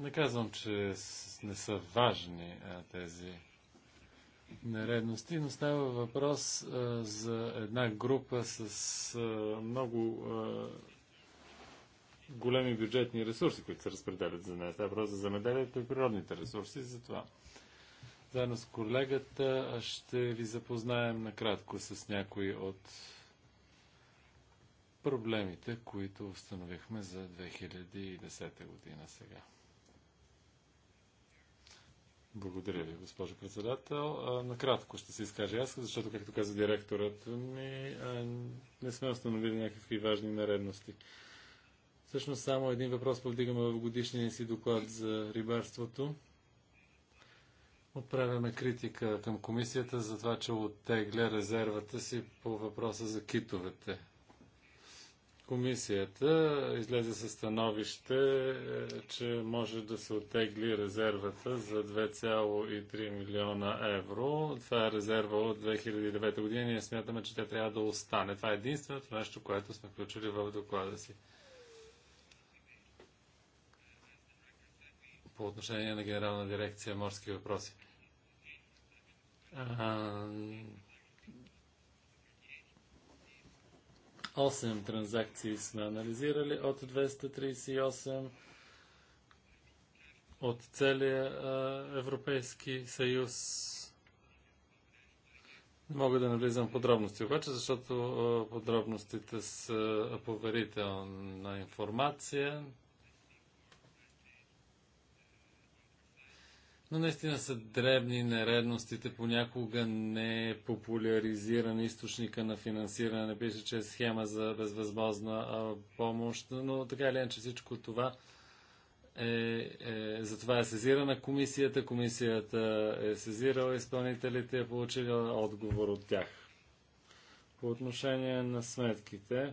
Не казвам, че не са важни а, тези нередности, но става въпрос а, за една група с а, много а, големи бюджетни ресурси, които се разпределят за нея. Става въпрос за замеделието и природните ресурси. Затова заедно с колегата ще ви запознаем накратко с някои от проблемите, които установихме за 2010 година сега. Благодаря ви, госпожо председател. накратко ще се изкажа аз, защото, както каза директорът ми, не сме установили някакви важни наредности. Всъщност само един въпрос повдигаме в годишния си доклад за рибарството. Отправяме критика към комисията за това, че оттегля резервата си по въпроса за китовете. Комисията излезе със становище, е, че може да се отегли резервата за 2,3 милиона евро. Това е резерва от 2009 година и ние смятаме, че тя трябва да остане. Това е единственото нещо, което сме включили в доклада си. По отношение на Генерална дирекция морски въпроси. А, 8 транзакции сме анализирали от 238 от целия Европейски съюз. Не мога да навлизам подробности обаче, защото подробностите са поверителна информация. но наистина са дребни нередностите, понякога не е популяризиран източника на финансиране, не пише, че е схема за безвъзможна помощ, но така или иначе всичко това е, е, за това е сезирана комисията, комисията е сезирала изпълнителите и е получила отговор от тях. По отношение на сметките,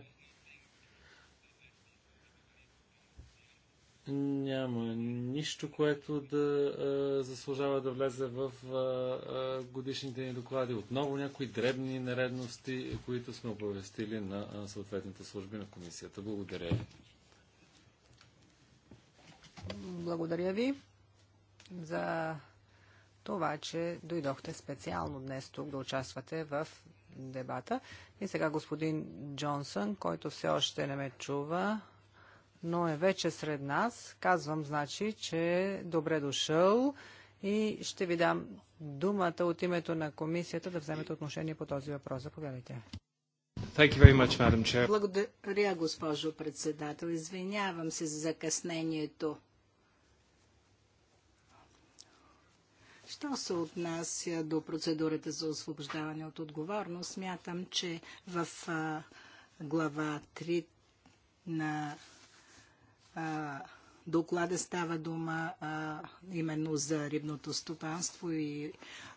няма нищо, което да а, заслужава да влезе в а, а, годишните ни доклади. Отново някои дребни нередности, които сме оповестили на а, съответните служби на комисията. Благодаря ви. Благодаря ви за това, че дойдохте специално днес тук да участвате в дебата. И сега господин Джонсън, който все още не ме чува но е вече сред нас. Казвам, значи, че е добре дошъл и ще ви дам думата от името на комисията да вземете отношение по този въпрос. Заповядайте. Much, Благодаря, госпожо председател. Извинявам се за закъснението. Що се отнася до процедурата за освобождаване от отговорност, смятам, че в глава 3 на доклада става дума а, именно за рибното стопанство и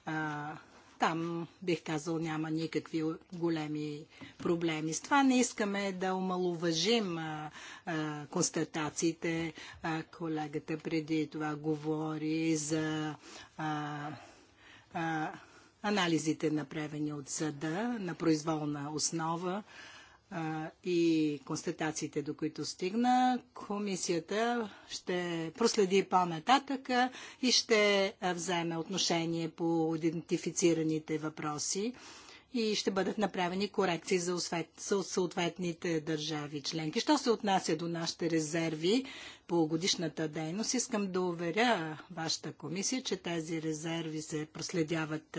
а, там, бих казал, няма никакви големи проблеми. С това не искаме да омалуважим а, а, констатациите. А, колегата преди това говори за а, а, анализите, направени от съда на произволна основа. А, и констатациите, до които стигна, комисията ще проследи по-нататък и ще вземе отношение по идентифицираните въпроси и ще бъдат направени корекции за съответните държави членки. Що се отнася до нашите резерви по годишната дейност, искам да уверя вашата комисия, че тези резерви се проследяват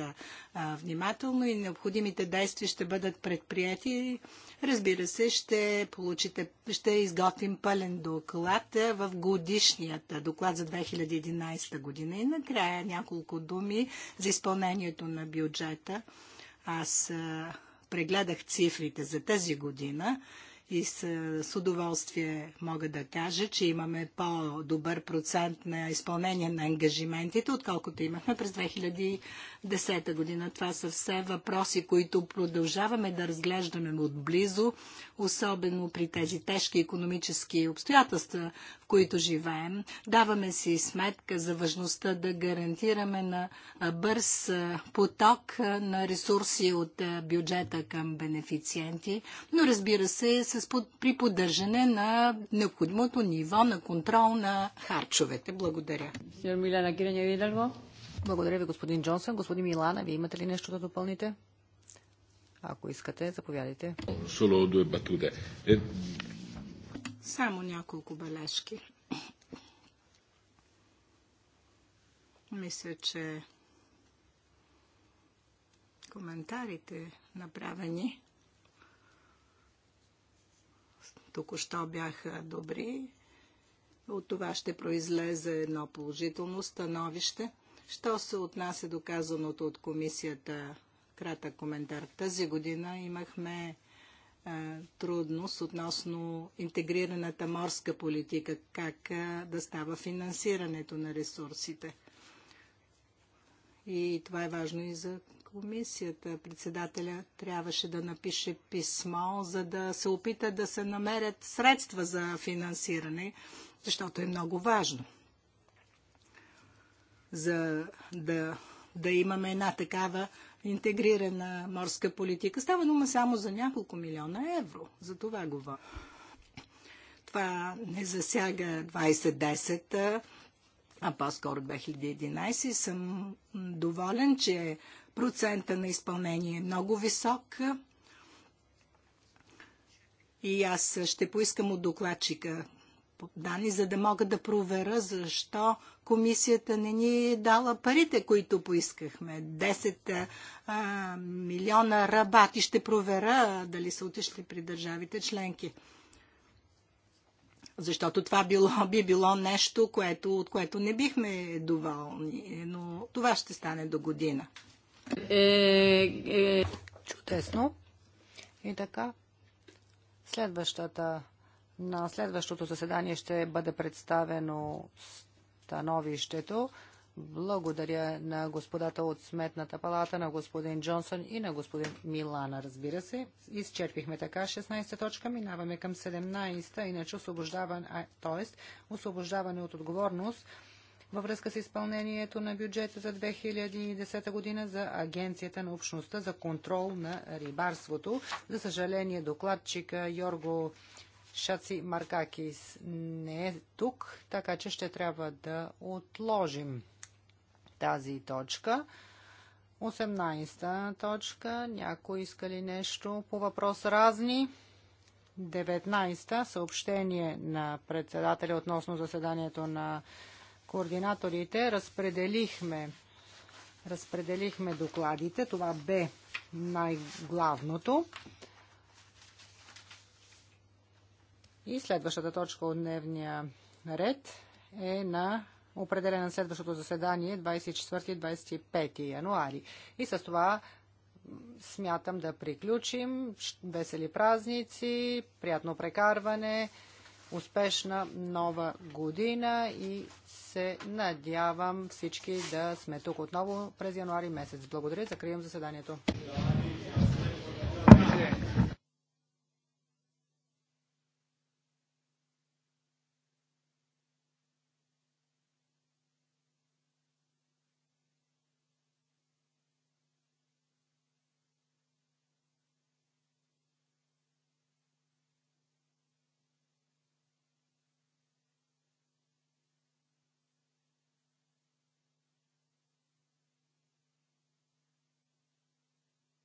внимателно и необходимите действия ще бъдат предприяти. Разбира се, ще, получите, ще изготвим пълен доклад в годишният доклад за 2011 година. И накрая няколко думи за изпълнението на бюджета. Аз прегледах цифрите за тази година и с, с удоволствие мога да кажа, че имаме по-добър процент на изпълнение на ангажиментите, отколкото имахме през 2010 година. Това са все въпроси, които продължаваме да разглеждаме отблизо, особено при тези тежки економически обстоятелства, в които живеем. Даваме си сметка за важността да гарантираме на бърз поток на ресурси от бюджета към бенефициенти, но разбира се, с с, при поддържане на необходимото ниво на контрол на харчовете. Благодаря. Благодаря ви, господин Джонсън. Господин Милана, вие имате ли нещо да допълните? Ако искате, заповядайте. Е, Само няколко бележки. Мисля, че коментарите направени току-що бяха добри. От това ще произлезе едно положително становище. Що се отнася до казаното от комисията, кратък коментар. Тази година имахме трудност относно интегрираната морска политика, как да става финансирането на ресурсите. И това е важно и за комисията, председателя, трябваше да напише писмо, за да се опита да се намерят средства за финансиране, защото е много важно. За да, да имаме една такава интегрирана морска политика. Става дума само за няколко милиона евро. За това говоря. Това не засяга 2010 а по-скоро 2011 и съм доволен, че процента на изпълнение е много висок. И аз ще поискам от докладчика данни, за да мога да проверя защо комисията не ни е дала парите, които поискахме. 10 а, милиона рабати. Ще проверя дали са отишли при държавите членки. Защото това било, би било нещо, което, от което не бихме доволни. Но това ще стане до година. Е, е, Чудесно. И така, следващата, на следващото заседание ще бъде представено становището. Благодаря на господата от Сметната палата, на господин Джонсон и на господин Милана, разбира се. Изчерпихме така 16 точка, минаваме към 17-та, иначе освобождаване, т.е. освобождаване от отговорност във връзка с изпълнението на бюджета за 2010 година за Агенцията на общността за контрол на рибарството. За съжаление, докладчика Йорго Шаци Маркакис не е тук, така че ще трябва да отложим тази точка. 18 та точка. Някой иска ли нещо по въпрос разни? 19 та съобщение на председателя относно заседанието на координаторите разпределихме, разпределихме докладите. Това бе най-главното. И следващата точка от дневния ред е на определена следващото заседание 24-25 януари. И с това смятам да приключим. Весели празници, приятно прекарване успешна нова година и се надявам всички да сме тук отново през януари месец. Благодаря, закривам заседанието.